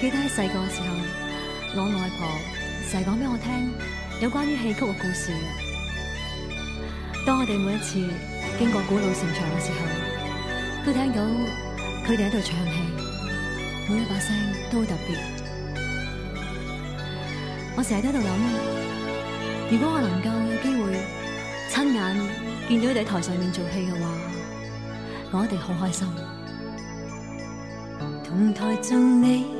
記得喺細個嘅時候，我外婆成日講俾我聽有關於戲曲嘅故事。當我哋每一次經過古老城牆嘅時候，都聽到佢哋喺度唱戲，每一把聲都好特別。我成日喺度諗，如果我能夠有機會親眼見到佢哋喺台上面做戲嘅話，我一定好開心。同台做你。